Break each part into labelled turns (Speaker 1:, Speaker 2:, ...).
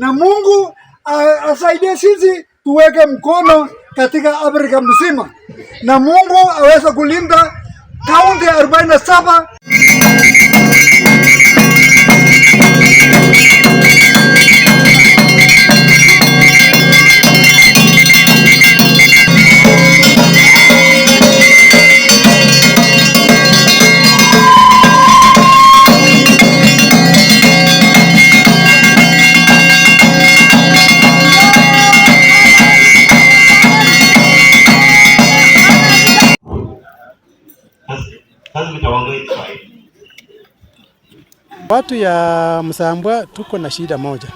Speaker 1: na Mungu asaidie sisi tuweke mkono katika Afrika mzima, na Mungu aweze kulinda kaunti arobaini na saba
Speaker 2: Watu ya Msambwa tuko na shida moja.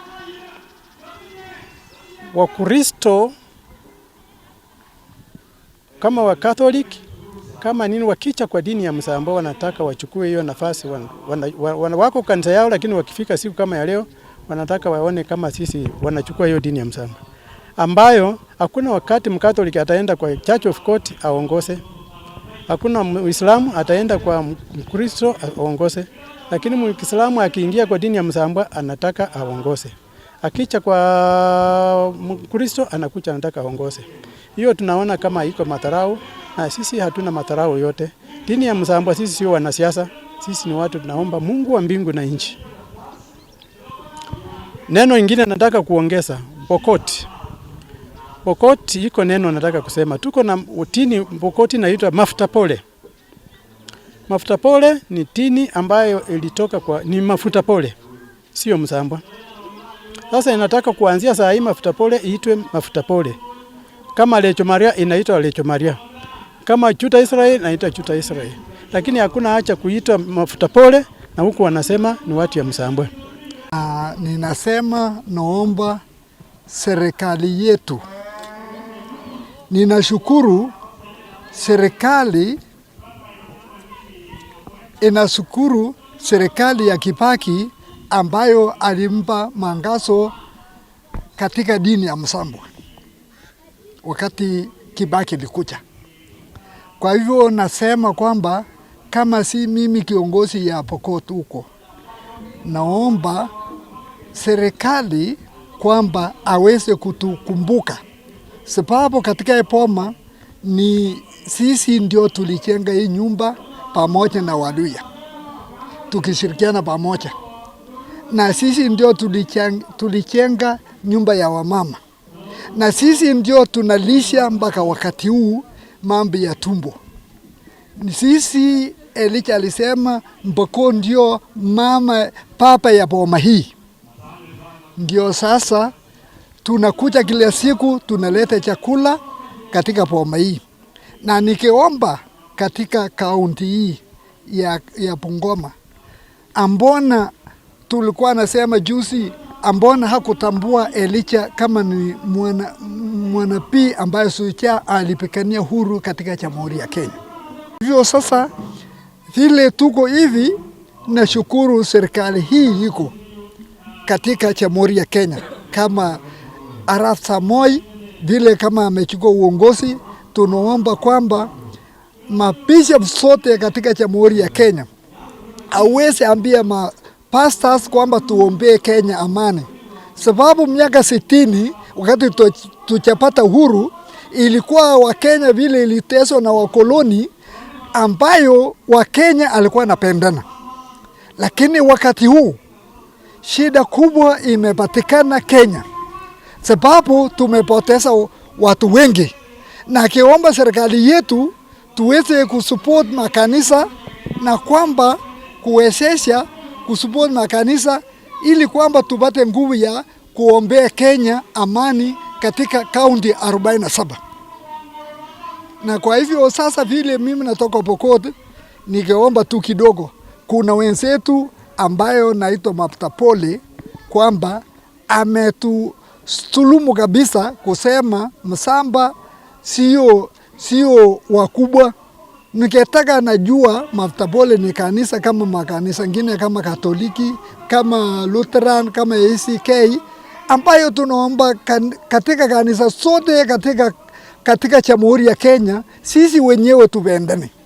Speaker 2: Wakristo kama Catholic kama nini, wakicha kwa dini ya Msambwa wanataka wachukue hiyo nafasi wana, wana, wana, wako kanisa yao, lakini wakifika siku kama ya leo wanataka waone kama sisi wanachukua hiyo dini ya Msambwa ambayo hakuna wakati Mkatholiki ataenda kwa Church of God aongoze Hakuna Muislamu ataenda kwa Mkristo aongoze, lakini Muislamu akiingia kwa dini ya Msambwa anataka aongoze, akicha kwa Mkristo anakucha anataka aongoze. Hiyo tunaona kama iko madharau, na sisi hatuna madharau yote. Dini ya Msambwa sisi sio wanasiasa, sisi ni watu tunaomba Mungu wa mbingu na nchi. Neno ingine nataka kuongeza Pokoti. Pokoti iko neno nataka kusema, tuko na tini Pokoti inaitwa mafuta pole. Mafuta pole ni tini ambayo ilitoka kwa, ni mafuta pole, sio msambwa. Sasa inataka kuanzia saa hii mafuta pole iitwe mafuta pole, kama lecho Maria inaitwa lecho Maria, kama chuta Israeli inaitwa chuta Israeli, lakini hakuna acha kuitwa mafuta pole, na huku wanasema ni watu ya msambwe.
Speaker 3: Ninasema naomba serikali yetu Ninashukuru serikali inashukuru serikali ya Kibaki ambayo alimpa mangaso katika dini ya msambwa wakati Kibaki likuja. Kwa hivyo nasema kwamba kama si mimi kiongozi ya Pokot huko, naomba serikali kwamba aweze kutukumbuka sababu katika epoma ni sisi ndio tulichenga hii nyumba pamoja na Waluya tukishirikiana pamoja, na sisi ndio tulichenga nyumba ya wamama, na sisi ndio tunalisha mpaka wakati huu mambo ya tumbo. Sisi elicha alisema Mboko ndio mama, papa ya boma hii, ndio sasa Tunakuja kila siku tunaleta chakula katika boma hii, na nikiomba katika kaunti hii ya, ya Bungoma, ambona tulikuwa nasema juzi, ambona hakutambua Elisha kama ni mwana, mwanapi ambaye Sucha alipikania huru katika jamhuri ya Kenya. Hivyo sasa vile tuko hivi, nashukuru serikali hii iko katika jamhuri ya Kenya kama Arap Samoi vile kama amechukua uongozi, tunaomba kwamba mapisha sote katika Jamhuri ya Kenya aweze ambia pastors kwamba tuombee Kenya amani, sababu miaka sitini wakati tuchapata uhuru ilikuwa Wakenya vile iliteswa na wakoloni, ambayo Wakenya alikuwa anapendana, lakini wakati huu shida kubwa imepatikana Kenya sababu tumepoteza watu wengi, na kiomba serikali yetu tuweze kusupport makanisa na kwamba kuwezesha kusupport makanisa ili kwamba tupate nguvu ya kuombea Kenya amani katika kaunti 47. Na kwa hivyo sasa, vile mimi natoka Pokot, nikiomba tu kidogo, kuna wenzetu ambayo naitwa Maptapole kwamba ametu sulumu kabisa kusema Msamba sio sio wakubwa. Nikitaka najua Mafuta ni kanisa kama makanisa ngine kama Katoliki, kama Lutheran, kama ACK ambayo tunaomba kan, katika kanisa sote katika, katika Jamhuri ya Kenya sisi wenyewe tupendane.